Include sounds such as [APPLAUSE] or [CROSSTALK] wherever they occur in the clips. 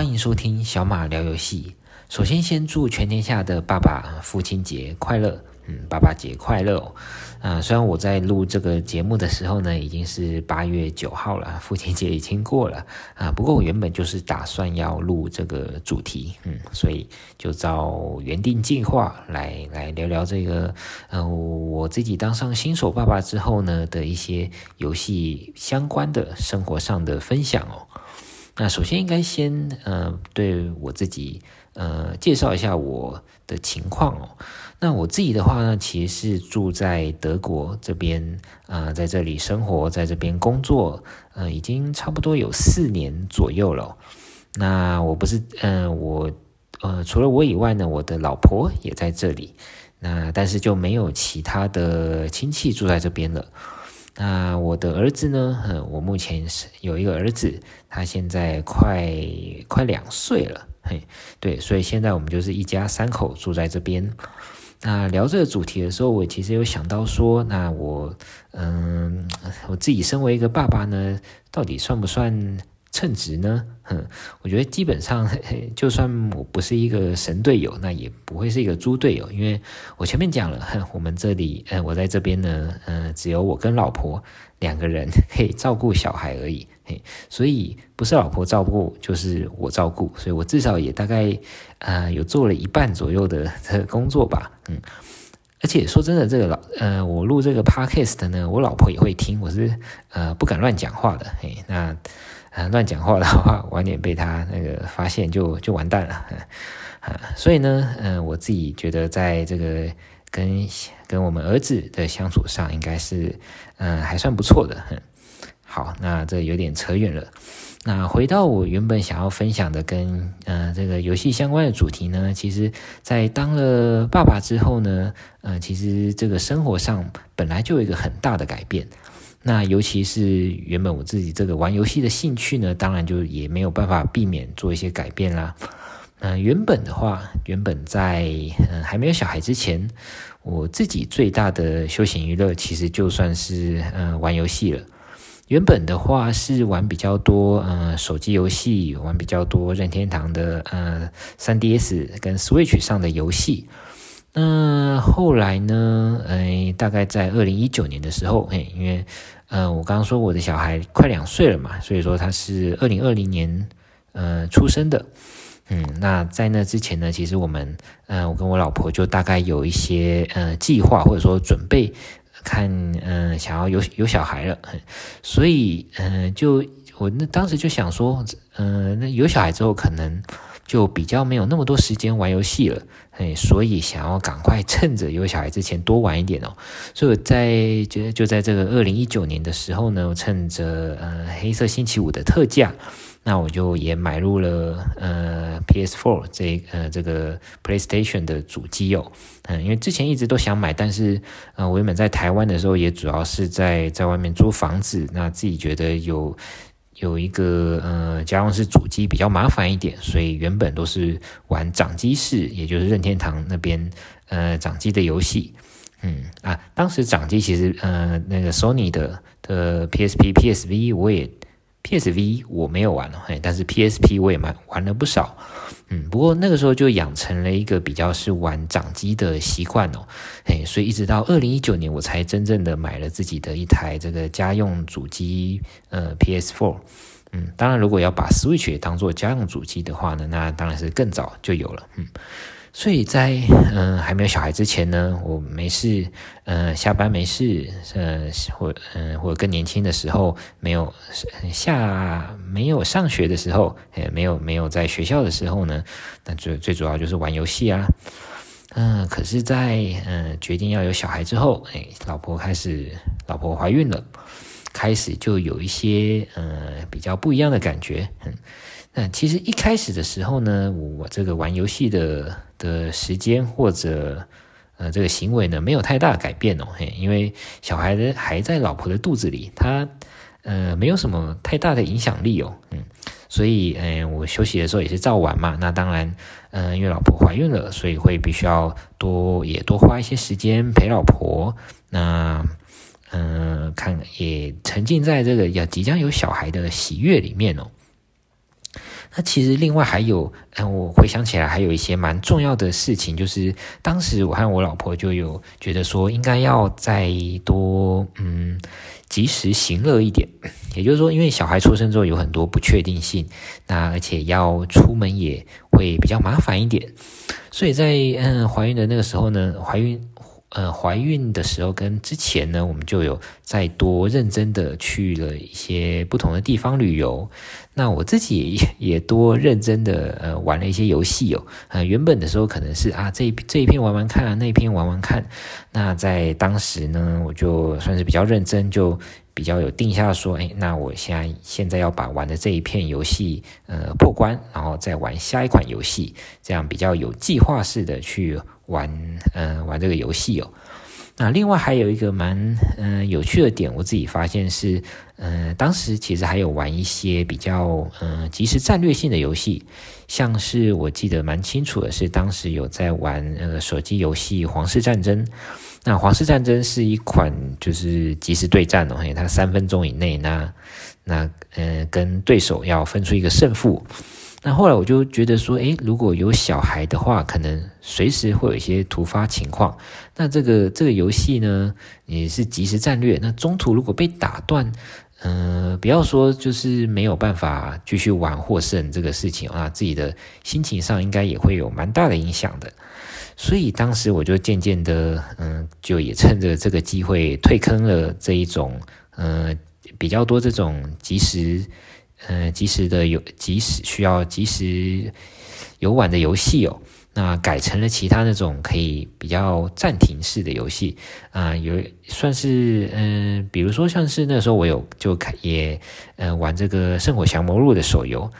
歡迎收聽小馬聊遊戲。首先，先祝全天下的爸爸父親節快樂，嗯，爸爸節快樂、哦。啊、呃，雖然我在錄這個節目的時候呢，已經是八月九號了，父親節已經過了啊、呃。不過我原本就是打算要錄這個主題，嗯，所以就照原定計劃來來聊聊這個，嗯、呃，我自己當上新手爸爸之後呢的一些遊戲相關的生活上的分享哦。那首先應該先呃，對我自己呃，介紹一下我的情況哦。那我自己的話呢，其實是住在德國這邊啊、呃，在這裡生活，在這邊工作，呃，已經差不多有四年左右了、哦。那我不是嗯、呃、我呃除了我以外呢，我的老婆也在這裡，那但是就沒有其他的親戚住在這邊了。那我的兒子呢？嗯，我目前是有一個兒子，他現在快快兩歲了，嘿，對，所以現在我們就是一家三口住在這邊。那聊這個主題的時候，我其實有想到說，那我嗯，我自己身為一個爸爸呢，到底算不算？稱職呢？哼、嗯，我覺得基本上嘿，就算我不是一個神隊友，那也不會是一個豬隊友，因為我前面講了，哼，我們這裡，嗯、呃，我在這邊呢，嗯、呃，只有我跟老婆兩個人可以照顧小孩而已，嘿，所以不是老婆照顧，就是我照顧，所以我至少也大概，呃，有做了一半左右的的工作吧，嗯。而且說真的，這個老呃，我錄這個 podcast 的呢，我老婆也會聽，我是呃不敢亂講話的，嘿，那啊亂講話的話，晚點被他那個發現就就完蛋了啊，所以呢，嗯、呃，我自己覺得在這個跟跟我們兒子的相處上應該是嗯還算不錯的，哼，好，那這有點扯遠了。那回到我原本想要分享的跟呃這個遊戲相關的主題呢，其實，在當了爸爸之後呢，呃，其實這個生活上本來就有一個很大的改變。那尤其是原本我自己這個玩遊戲的興趣呢，當然就也沒有辦法避免做一些改變啦。嗯、呃，原本的話，原本在嗯、呃，還沒有小孩之前，我自己最大的休閒娛樂其實就算是嗯、呃，玩遊戲了。原本的話是玩比較多，嗯、呃，手機遊戲玩比較多，任天堂的，呃，3DS 跟 Switch 上的遊戲。那、呃、後來呢，呃、大概在二零一九年的時候，因為，呃，我剛剛說我的小孩快兩歲了嘛，所以說他是二零二零年，呃，出生的，嗯，那在那之前呢，其實我們，嗯、呃，我跟我老婆就大概有一些，呃，計劃或者說準備。看，嗯、呃，想要有有小孩了，所以，嗯、呃，就我那當時就想說，嗯、呃，那有小孩之後可能就比較沒有那麼多時間玩遊戲了，嘿，所以想要趕快趁着有小孩之前多玩一點哦，所以我在就就在這個二零一九年的時候呢，我趁着嗯、呃，黑色星期五的特價。那我就也買入了呃 PS4 這呃這個 PlayStation 的主機哦，嗯，因為之前一直都想買，但是呃我原本在台灣的時候也主要是在在外面租房子，那自己覺得有有一個呃家用式主機比較麻煩一點，所以原本都是玩掌機式，也就是任天堂那邊，呃，掌機的遊戲嗯，嗯啊，當時掌機其實呃那個 Sony 的的 PSP、PSV 我也。P.SV 我沒有玩，但是 PSP 我也玩了不少，嗯，不過那個時候就養成了一個比較是玩掌機的習慣哦，所以一直到二零一九年我才真正的買了自己的一台這個家用主機，呃，PS4，嗯，當然如果要把 Switch 當作家用主機的話呢，那當然是更早就有了，嗯。所以在嗯、呃、還沒有小孩之前呢，我沒事，嗯、呃、下班沒事，嗯、呃、或嗯、呃、或更年輕的時候沒有下沒有上學的時候，欸、沒有沒有在學校的時候呢，那最最主要就是玩遊戲啊，嗯、呃、可是在，在、呃、嗯決定要有小孩之後，哎、欸、老婆開始老婆懷孕了，開始就有一些嗯、呃、比較不一樣的感覺，嗯嗯，其實一開始的時候呢，我這個玩遊戲的的時間或者呃這個行為呢，沒有太大改變哦，嘿，因為小孩子還在老婆的肚子裡，他呃沒有什麼太大的影響力哦，嗯，所以嗯、呃，我休息的時候也是照玩嘛。那當然，嗯、呃，因為老婆懷孕了，所以會必須要多也多花一些時間陪老婆。那嗯、呃，看也沉浸在這個要即將有小孩的喜悅裡面哦。那其實另外還有，嗯，我回想起來還有一些蠻重要的事情，就是當時我和我老婆就有覺得說應該要再多，嗯，及時行樂一點。也就是說，因為小孩出生之後有很多不確定性，那而且要出門也會比較麻煩一點，所以在，嗯，懷孕的那個時候呢，懷孕。呃，懷孕的時候跟之前呢，我們就有再多認真的去了一些不同的地方旅遊。那我自己也也多認真的呃玩了一些遊戲哦、呃。原本的時候可能是啊，這一這一片玩玩看、啊，那一片玩玩看。那在當時呢，我就算是比較認真就。比較有定下的說，哎，那我現在現在要把玩的這一片遊戲，呃，破關，然後再玩下一款遊戲，這樣比較有計劃式的去玩，嗯、呃，玩這個遊戲哦。那另外還有一個蠻，嗯、呃，有趣的點，我自己發現是，嗯、呃，當時其實還有玩一些比較，嗯、呃，即時戰略性的遊戲，像是我記得蠻清楚的是，當時有在玩那個、呃、手機遊戲《皇室戰爭》。那皇室戰爭是一款就是即時對戰的、哦，它三分鐘以內呢，那那呃跟對手要分出一個勝負。那後來我就覺得說，誒，如果有小孩的話，可能隨時會有一些突發情況。那這個這個遊戲呢，也是即時戰略，那中途如果被打斷，嗯、呃，不要說就是沒有辦法繼續玩獲勝這個事情，那自己的心情上應該也會有蠻大的影響的。所以當時我就漸漸的，嗯、呃，就也趁着這個機會退坑了這一種，嗯、呃，比較多這種即時，嗯、呃，即時的有，即時需要即時遊玩的遊戲哦，那改成了其他那種可以比較暫停式的遊戲，啊、呃，有算是，嗯、呃，比如說像是那時候我有就開也，嗯、呃，玩這個《聖火降魔錄》的手遊。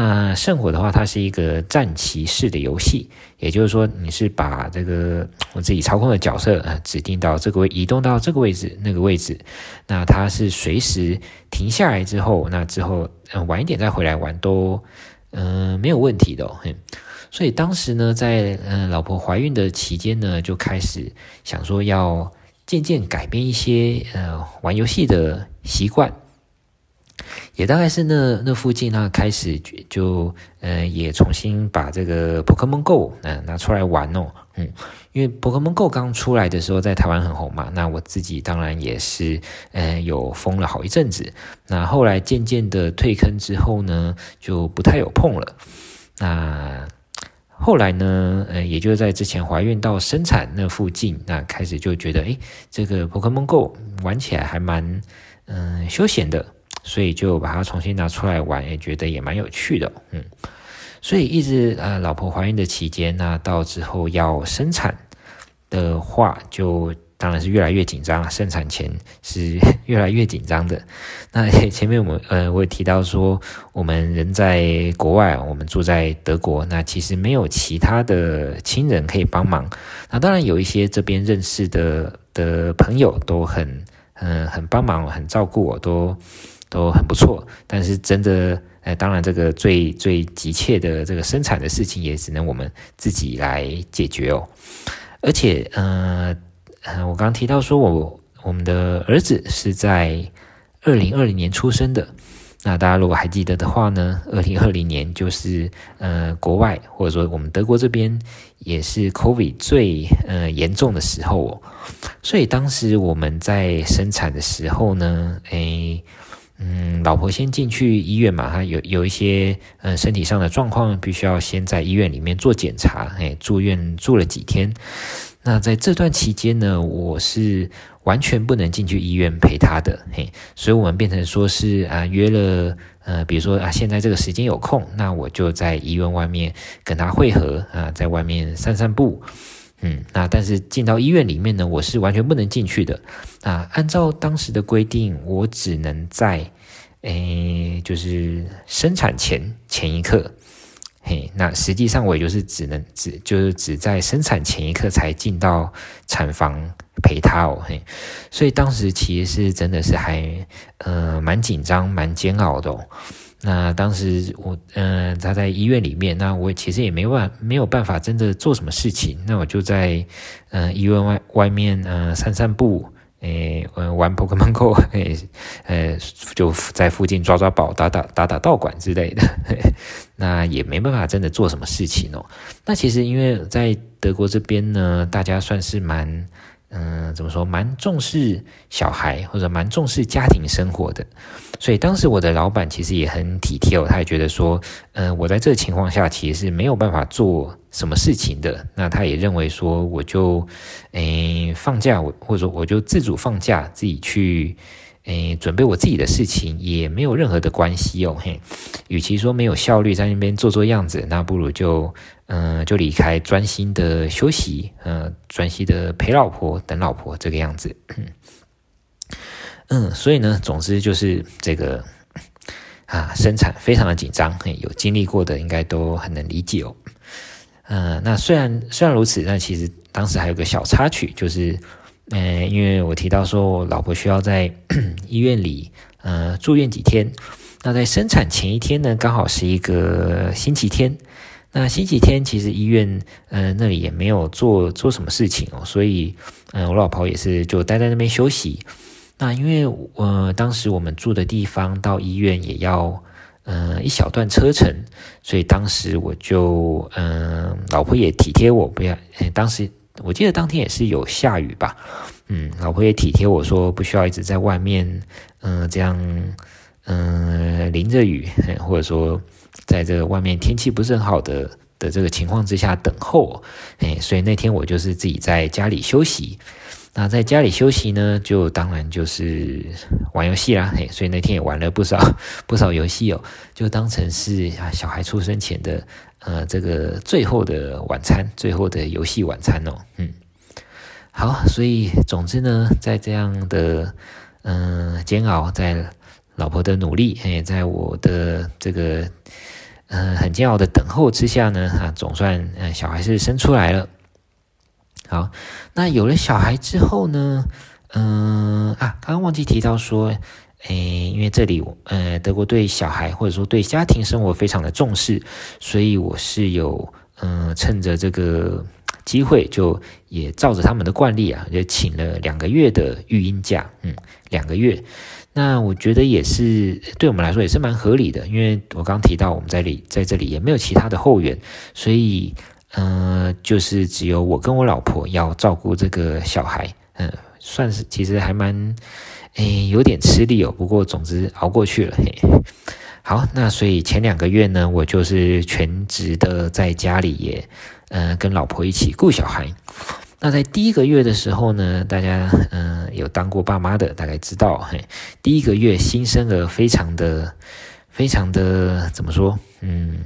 那聖火的話，它是一個戰棋式的遊戲，也就是說，你是把這個我自己操控的角色、呃、指定到這個位，移動到這個位置、那個位置。那它是隨時停下來之後，那之後、呃、晚一點再回來玩都嗯、呃、沒有問題的、哦嗯。所以當時呢，在呃老婆懷孕的期間呢，就開始想說要漸漸改變一些呃玩遊戲的習慣。也大概是那那附近，那開始就嗯、呃，也重新把這個 GO、呃《Pokémon Go》嗯拿出來玩哦。嗯，因為《Pokémon Go》剛出來的時候在台灣很紅嘛，那我自己當然也是嗯、呃、有瘋了好一陣子。那後來漸漸的退坑之後呢，就不太有碰了。那後來呢，嗯、呃，也就在之前懷孕到生產那附近，那開始就覺得哎，這個《Pokémon Go》玩起來還蠻嗯、呃、休閒的。所以就把它重新拿出來玩，也覺得也蠻有趣的哦，嗯，所以一直呃，老婆懷孕的期間呢，那到之後要生產的話，就當然是越來越緊張了。生產前是越來越緊張的。那前面我們呃，我也提到說，我們人在國外，我們住在德國，那其實沒有其他的親人可以幫忙。那當然有一些這邊認識的的朋友都很嗯、呃，很幫忙，很照顧我，都。都很不錯，但是真的，呃，當然，這個最最急切的這個生產的事情，也只能我們自己來解決哦。而且，嗯，呃，我剛剛提到說我，我我們的兒子是在二零二零年出生的。那大家如果還記得的話呢，二零二零年就是，呃，國外或者說我們德國這邊也是 COVID 最呃嚴重的時候哦。所以當時我們在生產的時候呢，誒。嗯，老婆先進去醫院嘛，她有有一些嗯、呃、身體上的狀況，必須要先在醫院裡面做檢查，哎，住院住了幾天。那在這段期間呢，我是完全不能進去醫院陪她的，嘿，所以我們變成說是啊約了，呃，比如說啊現在這個時間有空，那我就在醫院外面跟她會合啊，在外面散散步。嗯，那但是進到醫院裡面呢，我是完全不能進去的。那按照當時的規定，我只能在，誒、欸，就是生產前前一刻，嘿，那實際上我也就是只能只就是只在生產前一刻才進到產房陪她哦，嘿，所以當時其實是真的是還，呃，蠻緊張，蠻煎熬的哦。那當時我，嗯、呃，他在醫院裡面，那我其實也沒辦法，沒有辦法真的做什麼事情。那我就在，嗯、呃，醫院外外面、呃，散散步，誒、欸，玩 Pokemon Go，誒，o、欸欸、就在附近抓抓寶、打打打打道館之類的呵呵。那也沒辦法真的做什麼事情哦。那其實因為在德國這邊呢，大家算是蠻。嗯，怎麼說？蠻重視小孩，或者蠻重視家庭生活的。所以當時我的老闆其實也很體貼、哦、他也覺得說，嗯、呃，我在這個情況下其實是沒有辦法做什麼事情的。那他也認為說，我就，誒、哎、放假，或者我就自主放假，自己去。誒，準備我自己的事情也沒有任何的關係哦。嘿，與其說沒有效率在那邊做做樣子，那不如就嗯、呃、就離開，專心的休息，嗯、呃，專心的陪老婆，等老婆這個樣子。嗯，所以呢，總之就是這個啊，生產非常的緊張，嘿，有經歷過的應該都很能理解哦。嗯、呃，那雖然雖然如此，但其實當時還有個小插曲，就是。嗯、呃，因為我提到說，我老婆需要在醫院裡呃住院幾天。那在生產前一天呢，剛好是一個星期天。那星期天其實醫院呃那裡也沒有做做什麼事情哦，所以呃我老婆也是就待在那邊休息。那因為我、呃、當時我們住的地方到醫院也要呃一小段車程，所以當時我就嗯、呃，老婆也體貼我，不、哎、要，當時。我記得當天也是有下雨吧，嗯，老婆也體貼我說不需要一直在外面，嗯、呃，這樣，嗯、呃，淋着雨，或者說，在這個外面天氣不是很好的的這個情況之下等候，哎、欸，所以那天我就是自己在家裡休息。那在家裡休息呢，就當然就是玩遊戲啦，嘿，所以那天也玩了不少不少遊戲哦，就當成是小孩出生前的呃這個最後的晚餐，最後的遊戲晚餐哦、喔，嗯，好，所以總之呢，在這樣的嗯、呃、煎熬，在老婆的努力，嘿，在我的這個嗯、呃、很煎熬的等候之下呢，啊，總算嗯、呃、小孩是生出來了。好，那有了小孩之後呢？嗯、呃、啊，剛剛忘記提到說，誒，因為這裡，呃，德國對小孩或者說對家庭生活非常的重視，所以我是有，嗯、呃，趁着這個機會就也照着他們的慣例啊，就請了兩個月的育嬰假，嗯，兩個月。那我覺得也是對我們來說也是蠻合理的，因為我剛提到我們在裡在這裡也沒有其他的後援，所以。嗯、呃，就是只有我跟我老婆要照顧這個小孩，嗯，算是其實還蠻，誒，有點吃力哦。不過總之熬過去了。嘿，好，那所以前兩個月呢，我就是全職的在家裡也，嗯、呃，跟老婆一起顧小孩。那在第一個月的時候呢，大家嗯、呃，有當過爸媽的大概知道，嘿，第一個月新生兒非常的非常的怎麼說，嗯。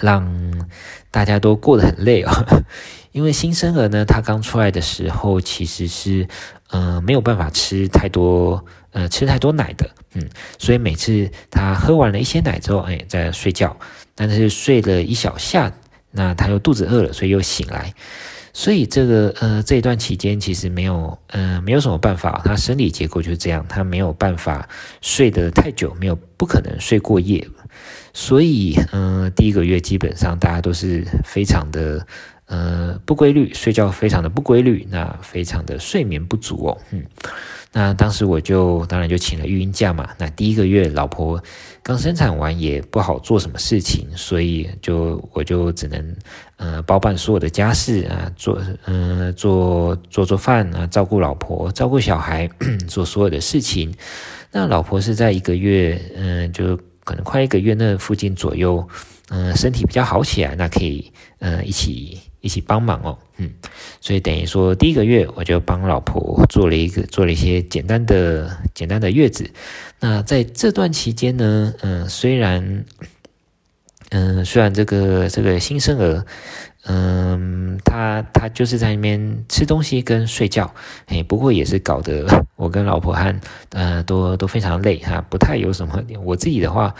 讓大家都過得很累哦，因為新生兒呢，他剛出來的時候其實是，呃，沒有辦法吃太多，呃，吃太多奶的，嗯，所以每次他喝完了一些奶之後，哎，再睡覺，但是睡了一小下，那他又肚子餓了，所以又醒來，所以這個，呃，這一段期間其實沒有，呃，沒有什麼辦法，他生理結構就是這樣，他沒有辦法睡得太久，沒有，不可能睡過夜。所以，嗯、呃，第一個月基本上大家都是非常的，呃，不規律，睡覺非常的不規律，那非常的睡眠不足哦，嗯，那當時我就當然就請了育嬰假嘛，那第一個月老婆剛生產完也不好做什麼事情，所以就我就只能，呃，包辦所有的家事啊，做，嗯、呃，做做做飯啊，照顧老婆，照顧小孩， [COUGHS] 做所有的事情，那老婆是在一個月，嗯、呃，就。可能快一個月那個附近左右，嗯、呃，身體比較好起來，那可以，嗯、呃，一起一起幫忙哦，嗯，所以等於說第一個月我就幫老婆做了一個做了一些簡單的簡單的月子，那在這段期間呢，嗯、呃，雖然，嗯、呃，雖然這個這個新生兒。嗯，他他就是在那邊吃東西跟睡覺，哎，不過也是搞得我跟老婆漢，呃，都都非常累哈，不太有什麼，我自己的話，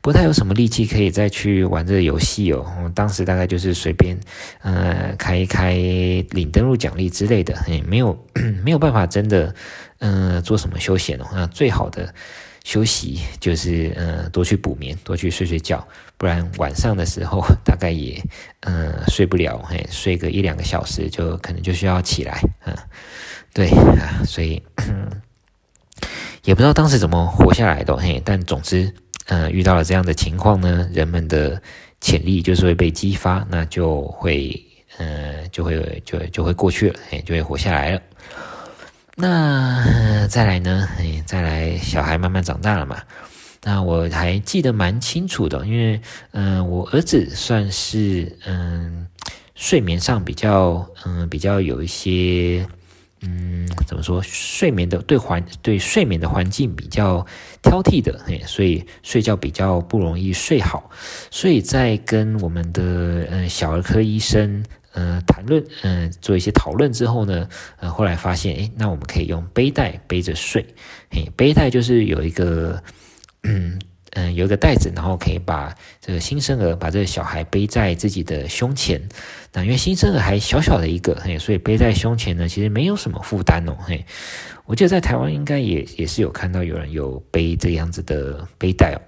不太有什麼力氣可以再去玩這個遊戲哦。嗯，當時大概就是隨便，呃，開一開，領登錄獎勵之類的，也沒有沒有辦法真的，嗯，呃，做什麼休閒的、哦、話，最好的休息就是，嗯，呃，多去補眠，多去睡睡覺。不然晚上的時候大概也嗯、呃、睡不了，嘿，睡個一兩個小時就可能就需要起來，嗯，對啊，所以也不知道當時怎麼活下來的，嘿，但總之，嗯、呃，遇到了這樣的情況呢，人們的潛力就是會被激發，那就會嗯、呃、就會就就會過去了，嘿，就會活下來了。那、呃、再來呢，嘿，再來小孩慢慢長大了嘛。那我還記得蠻清楚的，因為，嗯、呃，我兒子算是，嗯、呃，睡眠上比較，嗯、呃，比較有一些，嗯，怎麼說，睡眠的，對環，對睡眠的環境比較挑剔的，嘿，所以睡覺比較不容易睡好，所以在跟我們的，嗯、呃，小兒科醫生，嗯、呃，談論，嗯、呃，做一些討論之後呢，嗯、呃，後來發現，誒，那我們可以用背帶背着睡，嘿，背帶就是有一個。嗯嗯，有一個袋子，然後可以把這個新生兒把這個小孩背在自己的胸前。那因為新生兒還小小的一個，嘿，所以背在胸前呢，其實沒有什麼負擔哦。嘿，我記得在台灣應該也也是有看到有人有背這樣子的背帶哦。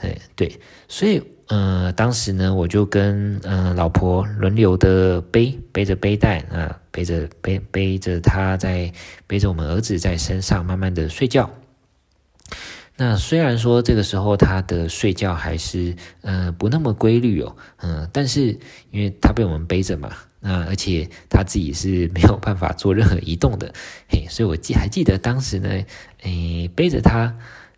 嗯，對，所以，呃，當時呢，我就跟呃老婆輪流的背背着背帶，啊、呃，背着背背着他在背着我們兒子在身上慢慢地睡覺。那雖然說這個時候他的睡覺還是，嗯、呃，不那麼規律哦，嗯、呃，但是因為他被我們背着嘛，那、呃、而且他自己是沒有辦法做任何移動的，嘿，所以我記還記得當時呢，誒、呃，背着他。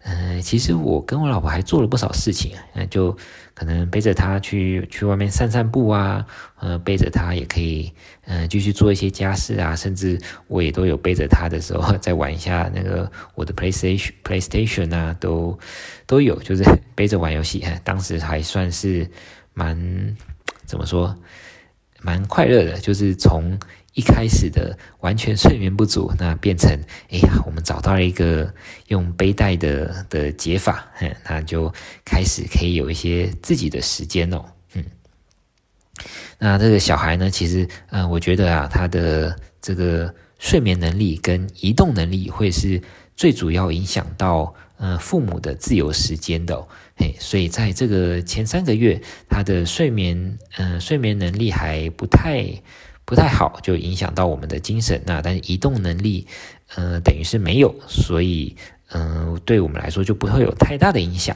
嗯、呃，其實我跟我老婆還做了不少事情，呃，就可能背着她去去外面散散步啊，呃，背着她也可以，嗯、呃，繼續做一些家事啊，甚至我也都有背着她的時候再玩一下那個我的 PlayStation PlayStation 啊，都都有，就是背着玩遊戲，呃，當時還算是蠻怎麼說，蠻快樂的，就是從。一開始的完全睡眠不足，那變成哎呀，我們找到了一個用背帶的的解法，那就開始可以有一些自己的時間哦，嗯。那這個小孩呢，其實，嗯、呃，我覺得啊，他的這個睡眠能力跟移動能力會是最主要影響到，呃，父母的自由時間的、哦，哎，所以在這個前三個月，他的睡眠，嗯、呃，睡眠能力還不太。不太好，就影響到我們的精神、啊。那但是移動能力，嗯、呃，等於是沒有，所以嗯、呃，對我們來說就不會有太大的影響。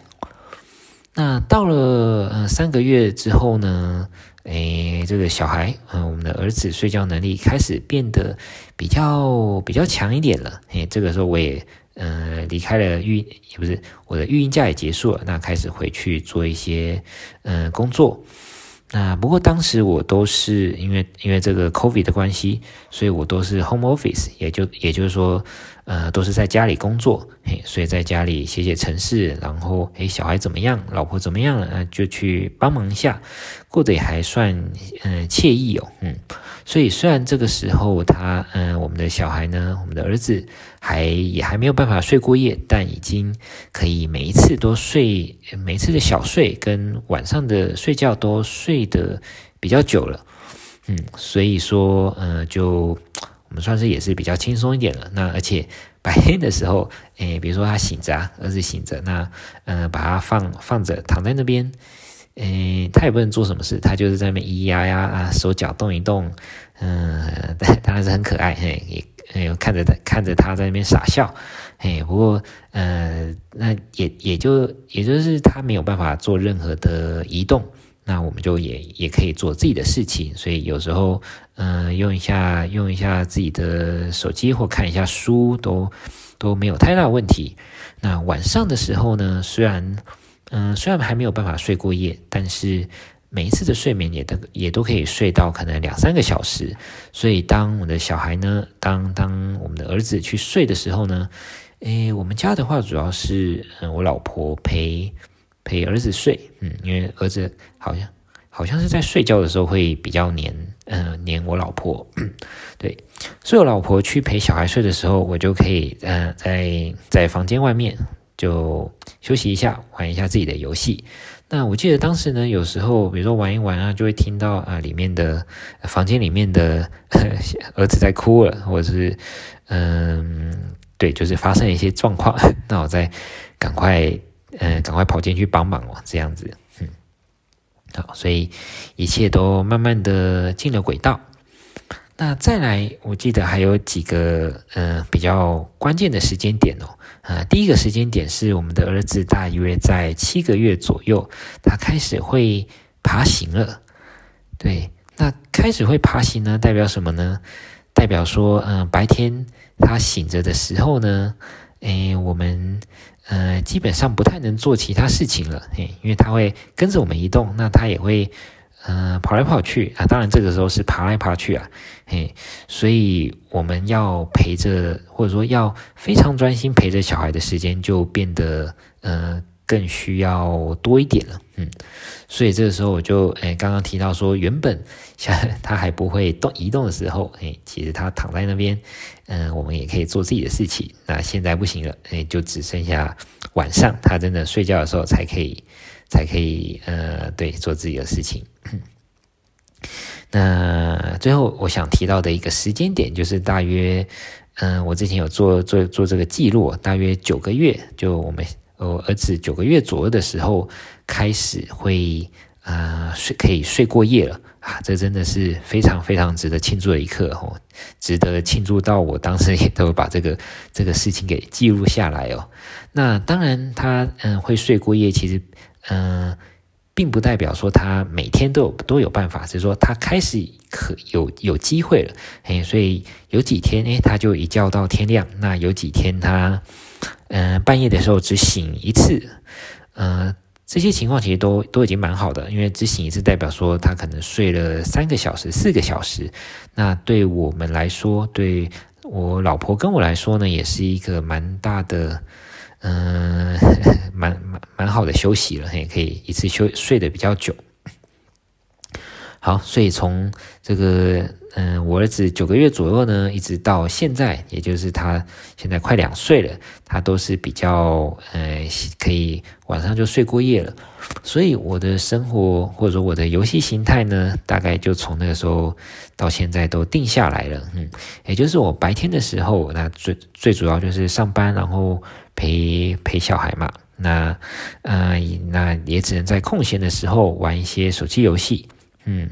那到了呃三個月之後呢，誒，這個小孩，嗯、呃，我們的兒子睡覺能力開始變得比較比較強一點了。誒，這個時候我也嗯、呃、離開了育，也不是我的育嬰假也結束了，那開始回去做一些嗯、呃、工作。那、啊、不過當時我都是因為因為這個 COVID 的關係，所以我都是 home office，也就也就是說。呃，都是在家裡工作，嘿，所以在家裡寫寫程式，然後，誒、欸，小孩怎麼樣？老婆怎麼樣了？呃、就去幫忙一下，過得也還算，嗯、呃，愜意哦，嗯。所以雖然這個時候他，嗯、呃，我們的小孩呢，我們的兒子還也還沒有辦法睡過夜，但已經可以每一次都睡，每一次的小睡跟晚上的睡覺都睡得比較久了，嗯，所以說，呃，就。我們算是也是比較輕鬆一點了。那而且白天的時候，哎、欸，比如說他醒着啊，兒子醒着，那嗯、呃，把他放放着，躺在那邊，誒、欸、他也不能做什麼事，他就是在那邊咿呀呀啊，手腳動一動，嗯，當然是很可愛，嘿、欸，也、欸、哎，看着他看着他在那邊傻笑，嘿、欸，不過呃，那也也就也就是他沒有辦法做任何的移動。那我們就也也可以做自己的事情，所以有時候，嗯、呃，用一下用一下自己的手機或看一下書，都都沒有太大的問題。那晚上的時候呢，雖然，嗯、呃，雖然還沒有辦法睡過夜，但是每一次的睡眠也都也都可以睡到可能兩三個小時。所以當我的小孩呢，當當我們的兒子去睡的時候呢，誒，我們家的話主要是，嗯、呃，我老婆陪。陪兒子睡，嗯，因為兒子好像好像是在睡覺的時候會比較黏，嗯、呃，黏我老婆，對，所以我老婆去陪小孩睡的時候，我就可以，嗯、呃，在在房間外面就休息一下，玩一下自己的遊戲。那我記得當時呢，有時候比如說玩一玩啊，就會聽到啊、呃，裡面的房間裡面的兒子在哭了，或者是嗯、呃，對，就是發生一些狀況，那我再趕快。嗯、呃，趕快跑進去幫忙哦，這樣子，嗯，好，所以一切都慢慢的進了軌道。那再來，我記得還有幾個，嗯、呃，比較關鍵的時間點哦，啊、呃，第一個時間點是我們的兒子大約在七個月左右，他開始會爬行了。對，那開始會爬行呢，代表什麼呢？代表說，嗯、呃，白天他醒着的時候呢。誒、哎，我們呃基本上不太能做其他事情了，嘿、哎，因為它會跟着我們移動，那它也會呃跑來跑去啊，當然這個時候是爬來爬去啊，嘿、哎，所以我們要陪着或者說要非常專心陪着小孩的時間就變得呃。更需要多一點了，嗯，所以這個時候我就，哎、欸，剛剛提到說，原本像他還不會動移動的時候，哎、欸，其實他躺在那邊，嗯，我們也可以做自己的事情。那現在不行了，哎、欸，就只剩下晚上，他真的睡覺的時候才可以，才可以，呃、對，做自己的事情、嗯。那最後我想提到的一個時間點，就是大約，嗯，我之前有做做做這個記錄，大約九個月，就我們。我、哦、兒子九個月左右的時候，開始會，呃，睡可以睡過夜了啊，這真的是非常非常值得慶祝的一刻哦，值得慶祝到我當時也都把這個這個事情給記錄下來哦。那當然他，他、呃、嗯會睡過夜，其實嗯、呃、並不代表說他每天都有都有辦法，只是說他開始可有有機會了。哎，所以有幾天哎他就一覺到天亮，那有幾天他，嗯、呃，半夜的時候只醒一次，嗯、呃，這些情況其實都都已經蠻好的，因為只醒一次代表說他可能睡了三個小時、四個小時，那對我們來說，對我老婆跟我來說呢，也是一個蠻大的，嗯、呃，蠻蠻蠻好的休息了，也可以一次休，睡得比較久。好，所以從這個嗯，我兒子九個月左右呢，一直到現在，也就是他現在快兩歲了，他都是比較呃，嗯，可以晚上就睡過夜了。所以我的生活或者說我的遊戲形態呢，大概就從那個時候到現在都定下來了。嗯，也就是我白天的時候，那最最主要就是上班，然後陪陪小孩嘛。那嗯，那也只能在空閒的時候玩一些手機遊戲。嗯，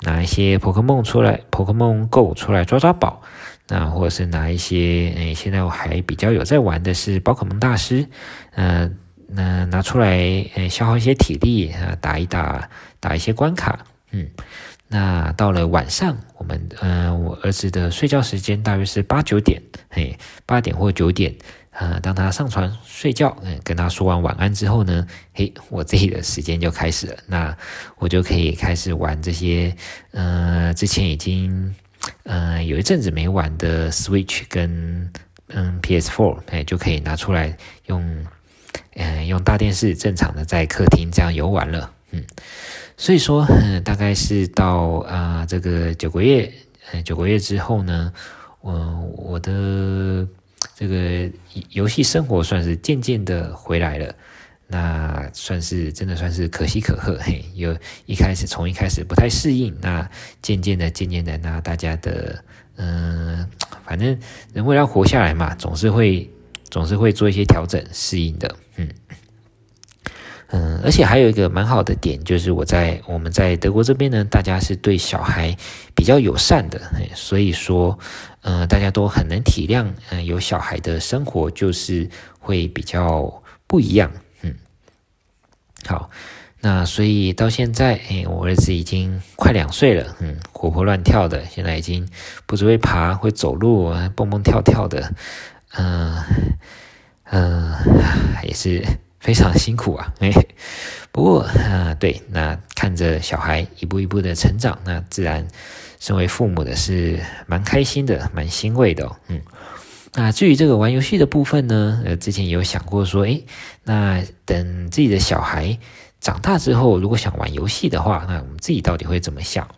拿一些寶可夢出來，寶可夢 GO 出來抓抓寶，那或者是拿一些，哎，現在我還比較有在玩的是寶可夢大師，嗯、呃，那拿出來，哎，消耗一些體力啊，打一打，打一些關卡，嗯，那到了晚上，我們，嗯、呃，我兒子的睡覺時間大約是八九點，嘿，八點或九點。嗯、呃，當他上床睡覺，嗯、呃，跟他說完晚安之後呢，嘿，我自己的時間就開始了，那我就可以開始玩這些，嗯、呃，之前已經，嗯、呃，有一陣子沒玩的 Switch 跟嗯 PS4，哎、呃，就可以拿出來用，嗯、呃，用大電視正常的在客廳這樣遊玩了，嗯，所以說，呃，大概是到啊，呃，這個九個月，呃，九個月之後呢，我，我的。這個遊戲生活算是漸漸的回來了，那算是真的算是可喜可賀。嘿，有一開始從一開始不太適應，那漸漸的漸漸的，那大家的嗯、呃，反正人為了活下來嘛，總是會總是會做一些調整適應的，嗯。嗯，而且還有一個蠻好的點，就是我在我們在德國這邊呢，大家是對小孩比較友善的，所以說，嗯、呃，大家都很能體諒，嗯、呃，有小孩的生活就是會比較不一樣，嗯，好，那所以到現在，哎、欸，我兒子已經快兩歲了，嗯，活潑亂跳的，現在已經不只會爬，會走路，蹦蹦跳跳的，嗯、呃，嗯、呃，也是。非常辛苦啊！哎、欸，不過啊、呃，對，那看着小孩一步一步的成長，那自然，身為父母的是蠻開心的，蠻欣慰的、哦、嗯，那至於這個玩遊戲的部分呢，呃，之前有想過說，哎、欸，那等自己的小孩長大之後，如果想玩遊戲的話，那我們自己到底會怎麼想？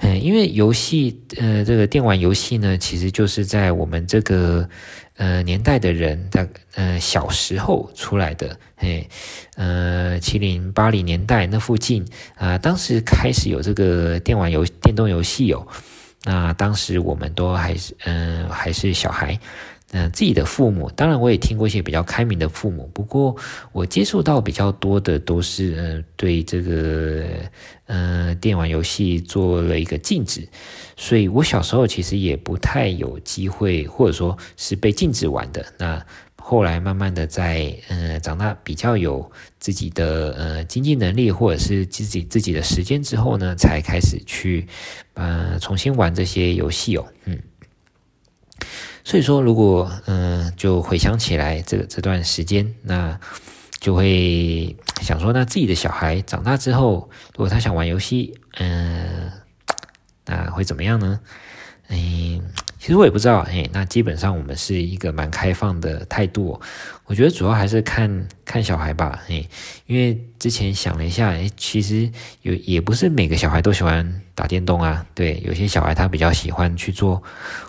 嗯、呃，因為遊戲，呃，這個電玩遊戲呢，其實就是在我們這個。呃，年代的人，在呃小時候出來的，嘿，呃七零八零年代那附近啊、呃，當時開始有這個電玩遊、電動遊戲有、哦、那、呃、當時我們都還是嗯、呃、還是小孩。嗯、呃，自己的父母，當然我也聽過一些比較開明的父母，不過我接觸到比較多的都是，嗯、呃，對這個，嗯、呃，電玩遊戲做了一個禁止，所以我小時候其實也不太有機會，或者說是被禁止玩的。那後來慢慢的在，嗯、呃，長大比較有自己的，呃，經濟能力，或者是自己自己的時間之後呢，才開始去，嗯、呃，重新玩這些遊戲哦，嗯。所以說，如果嗯、呃，就回想起來這個這段時間，那就會想說，那自己的小孩長大之後，如果他想玩遊戲，嗯、呃，那會怎麼樣呢？嗯、欸，其實我也不知道。誒、欸，那基本上我們是一個蠻開放的態度、哦，我覺得主要還是看看小孩吧。誒、欸，因為之前想了一下，誒、欸，其實有也不是每個小孩都喜歡打電動啊。對，有些小孩他比較喜歡去做。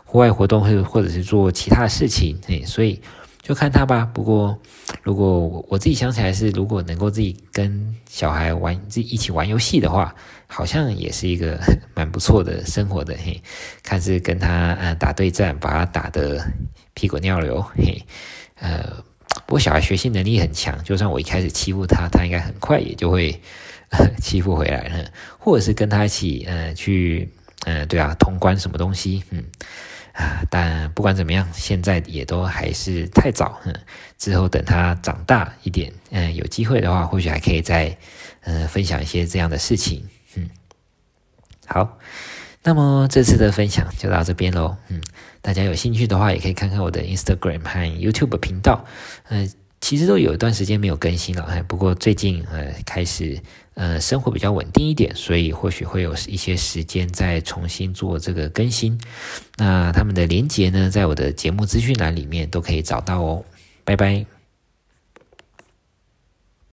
戶外活動，或者是做其他的事情，所以就看他吧。不過，如果我自己想起來是，如果能夠自己跟小孩玩，自己一起玩遊戲的話，好像也是一個蠻不錯的生活的，嘿，看是跟他打對戰，把他打得屁滾尿流，嘿，呃，不過小孩學習能力很強，就算我一開始欺負他，他應該很快也就會欺負回來了，或者是跟他一起、呃、去、呃、對啊通關什麼東西，嗯。啊，但不管怎麼樣，現在也都還是太早，嗯。之後等他長大一點，嗯、呃，有機會的話，或許還可以再、呃，分享一些這樣的事情，嗯。好，那麼這次的分享就到這邊嘍，嗯。大家有興趣的話，也可以看看我的 Instagram 和 YouTube 頻道，嗯、呃。其實都有一段時間沒有更新了，哎，不過最近呃開始呃生活比較穩定一點，所以或許會有一些時間再重新做這個更新。那他們的連結呢，在我的節目資訊欄裡面都可以找到哦。拜拜。